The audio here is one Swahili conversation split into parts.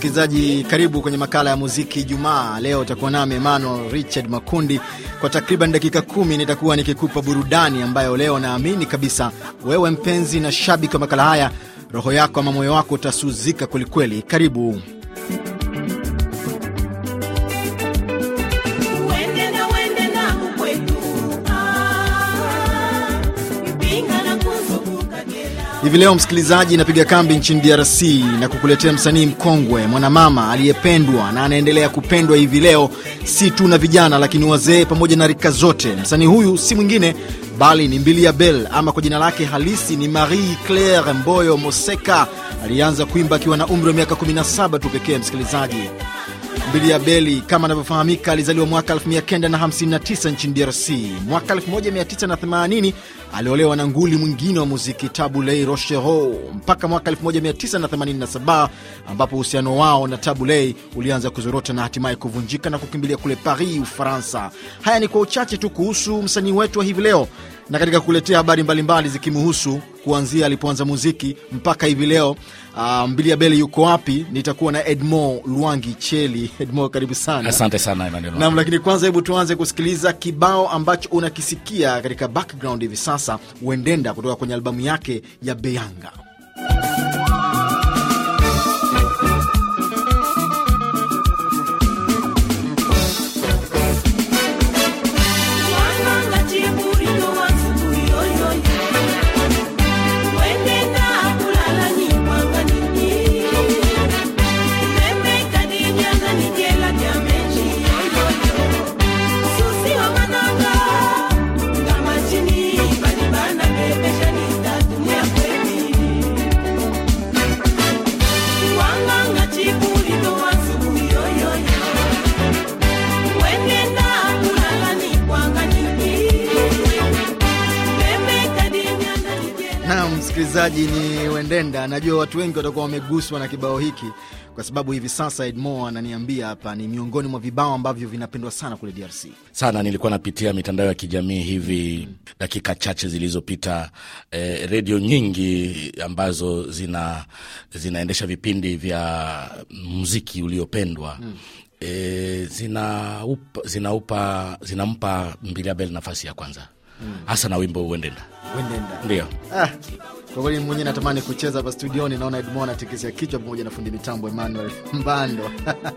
Msikilizaji, karibu kwenye makala ya muziki Jumaa. Leo utakuwa nami Emmanuel Richard Makundi. Kwa takriban dakika kumi nitakuwa nikikupa burudani ambayo leo naamini kabisa wewe mpenzi na shabiki wa makala haya, roho yako ama moyo wako utasuzika kwelikweli. Karibu. Hivi leo msikilizaji, inapiga kambi nchini DRC na kukuletea msanii mkongwe, mwanamama aliyependwa na anaendelea kupendwa hivi leo, si tu na vijana, lakini wazee pamoja na rika zote. Msanii huyu si mwingine bali ni Mbili ya Bel, ama kwa jina lake halisi ni Marie Claire Mboyo Moseka. Alianza kuimba akiwa na umri wa miaka 17 tu pekee, msikilizaji Bilia Beli kama anavyofahamika alizaliwa mwaka 1959 nchini DRC. Mwaka 1980 aliolewa na nguli mwingine wa muziki Tabulei rochero mpaka mwaka 1987 ambapo uhusiano wao na Tabulei ulianza kuzorota na hatimaye kuvunjika na kukimbilia kule Paris, Ufaransa. Haya ni kwa uchache tu kuhusu msanii wetu wa hivi leo na katika kuletea habari mbalimbali zikimhusu kuanzia alipoanza muziki mpaka hivi leo. Uh, ah, ya Bele yuko wapi? Nitakuwa na Edmo Lwangi Cheli. Edmo, karibu sana. Asante sana nam lakini kwanza, hebu tuanze kusikiliza kibao ambacho unakisikia katika background hivi sasa, Wendenda kutoka kwenye albamu yake ya Beyanga. msikilizaji ni Wendenda. Najua watu wengi watakuwa wameguswa na kibao hiki kwa sababu hivi sasa Edmo ananiambia hapa ni miongoni mwa vibao ambavyo vinapendwa sana kule DRC. Sana nilikuwa napitia mitandao ya kijamii hivi mm. dakika chache zilizopita, eh, redio nyingi ambazo zina zinaendesha vipindi vya muziki uliopendwa mm. E, eh, zinaupa zina zinampa mbiliabel nafasi ya kwanza hmm. hasa mm. na wimbo Wendenda, Ndio ah. Kwa kweli mwenyewe natamani kucheza hapa studioni, naona Edmo anatikisia kichwa pamoja na fundi mitambo Emmanuel Mbando.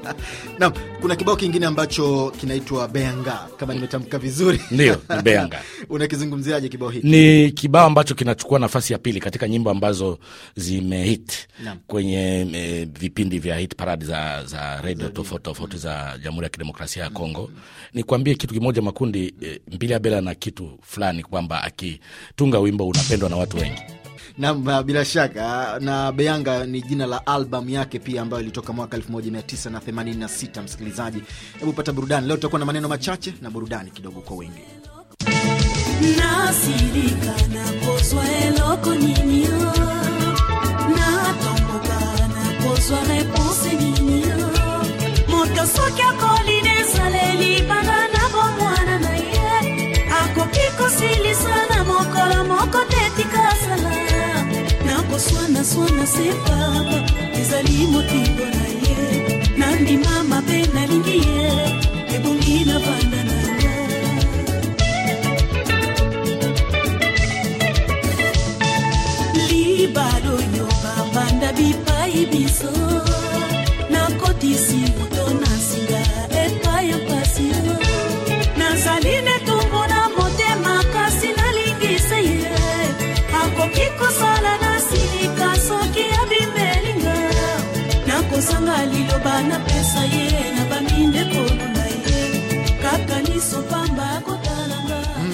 Naam, kuna kibao kingine ambacho kinaitwa Benga, kama nimetamka vizuri. Ndio, Benga. Unakizungumziaje kibao hiki? Ni kibao ambacho kinachukua nafasi ya pili katika nyimbo ambazo zimehit kwenye e, vipindi vya hit parade za, za redio tofauti tofauti za Jamhuri ya Kidemokrasia ya Kongo. Mm-hmm. Nikwambie kitu kimoja, Makundi e, eh, Mbili Abela na kitu fulani kwamba akitunga wimbo unapendwa na watu wengi na bila shaka na Beyanga ni jina la albamu yake pia ambayo ilitoka mwaka 1986. Msikilizaji, hebu pata burudani leo. Tutakuwa na maneno machache na burudani kidogo kwa wengi. soin na sepaba ezali motindo na ye nandima mabe nalingi ye ebongi na banda na ye libala oyo babanda bipai biso nakotisi yo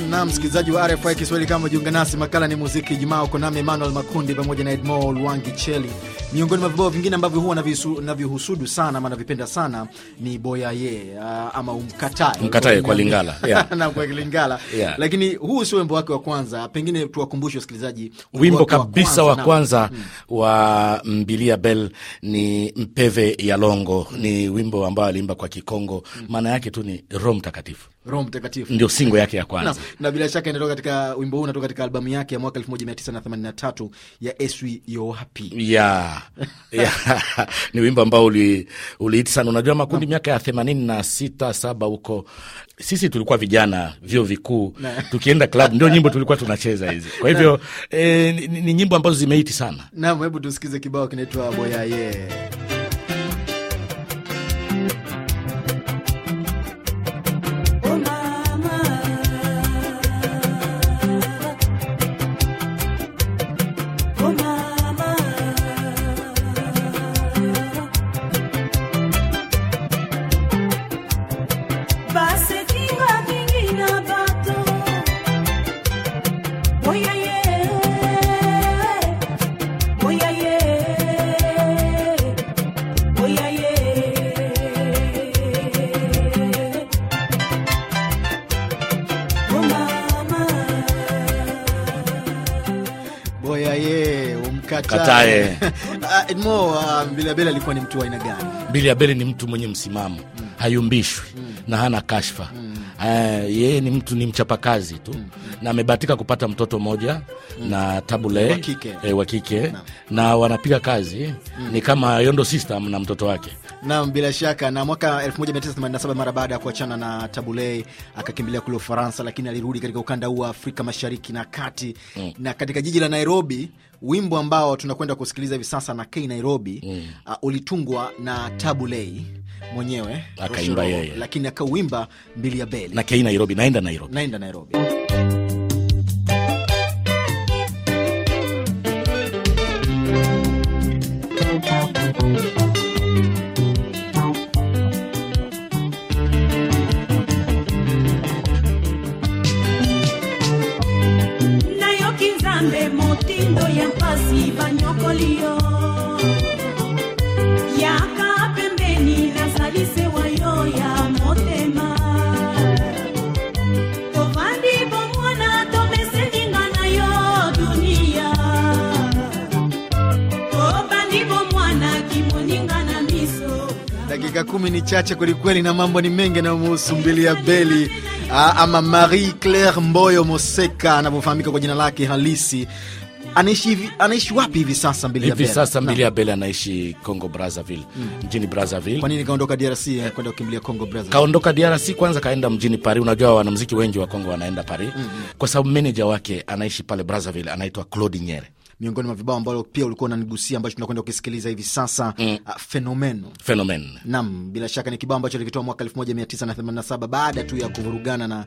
na mm, msikilizaji wa RFI Kiswahili, kama ujiunga nasi, makala ni muziki Jumaa. Uko nami Emmanuel Makundi pamoja na Edmo Lwangi Cheli. Miongoni mwa vibao vingine ambavyo huwa navihusudu sana ama navipenda sana ni Boyaye uh, ama Umkatae, kwa Lingala na kwa Lingala yeah. Lakini huu sio wimbo wake wa kwanza, pengine tuwakumbushe wasikilizaji wimbo kabisa wa kwanza, wa kwanza hmm wa Mbilia Bel ni Mpeve ya Longo, mm. ni wimbo ambao aliimba kwa Kikongo. Mm. Maana yake tu ni Roho Mtakatifu. Roho Mtakatifu ndio singo yake ya kwanza na, na bila shaka inatoka katika wimbo huu unatoka katika albamu yake ya mwaka 1983 ya Eswi Yoapi ya, ni wimbo ambao uliiti uli sana. Unajua makundi miaka ya themanini na sita saba huko sisi tulikuwa vijana vyo vikuu tukienda klabu ndio nyimbo tulikuwa tunacheza hizi. Kwa hivyo e, ni, ni nyimbo ambazo zimeiti sana. nam hebu tusikize kibao kinaitwa boyaye yeah. Katae. Ah, Mo, ah, Billy Abel alikuwa ni mtu wa aina gani? Billy Abel ni mtu mwenye msimamo mm. hayumbishwi mm. na hana kashfa mm. Uh, yeye ni mtu ni mchapakazi tu mm. na amebahatika kupata mtoto mmoja mm. na Tabule wa kike eh, na. na wanapiga kazi mm. ni kama Yondo System na mtoto wake Naam, bila shaka. Na mwaka 1987 mara baada ya kuachana na Tabulei akakimbilia kule Ufaransa, lakini alirudi katika ukanda huu wa Afrika Mashariki na Kati mm. na katika jiji la Nairobi, wimbo ambao tunakwenda kusikiliza hivi sasa na K Nairobi mm. uh, ulitungwa na Tabulei mwenyewe akaimba yeye, lakini akauimba mbili ya beli na K Nairobi, naenda Nairobi, naenda Nairobi dakika kumi ni chache kwelikweli, na mambo ni mengi yanayomuhusu ya Beli ama Marie Claire Mboyo Moseka anavyofahamika kwa jina lake halisi. Anaishi, anaishi wapi hivi sasa Mbilia Beli? Hivi sasa Mbilia anaishi Congo Brazzaville, mm. mjini Brazzaville. Kwa nini kaondoka DRC eh, kwenda kukimbilia Congo Brazzaville? Kaondoka DRC kwanza kaenda mjini Paris. Unajua wanamuziki wengi wa congo wanaenda Paris. Mm -hmm. Kwa sababu manager wake anaishi pale Brazzaville anaitwa Claude Nyere miongoni mwa vibao ambao pia ulikuwa unanigusia ambacho tunakwenda kukisikiliza hivi sasa mm. uh, fenomeno fenomen nam, bila shaka ni kibao ambacho alikitoa mwaka 1987 baada tu ya kuvurugana na,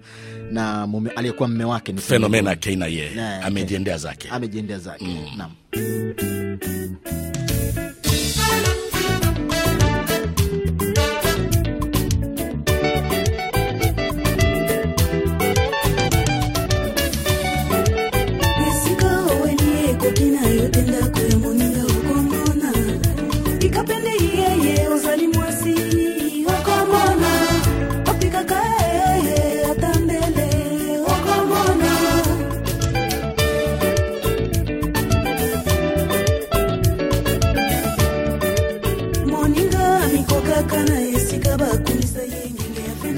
na mume, aliyekuwa mme wake. Fenomena akaina ye amejiendea zake, amejiendea zake mm. nam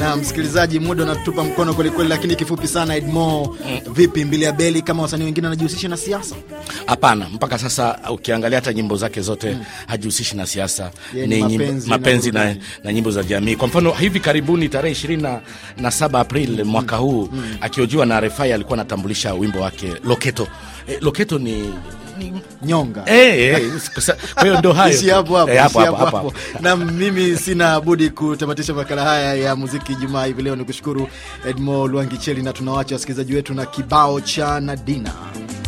na msikilizaji, muda unatupa mkono kwelikweli, lakini kifupi sana Edmo, vipi mbili ya Beli, kama wasanii wengine wanajihusisha na siasa? Hapana, mpaka sasa ukiangalia hata nyimbo zake zote mm. hajihusishi na siasa yeah, ni mapenzi, mapenzi na, na, nyimbo za jamii. Kwa mfano hivi karibuni tarehe ishirini na, saba Aprili hmm. mwaka huu mm. akiojiwa na Refai alikuwa anatambulisha wimbo wake Loketo. Eh, Loketo ni nyonga eh, eh. kwa hiyo ndo hayo eh, na mimi sina budi kutamatisha makala haya ya muziki Jumaa hivi leo. Ni kushukuru Edmo Lwangicheli, na tunawacha wasikilizaji wetu na kibao cha Nadina.